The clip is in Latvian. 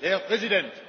herr präsident!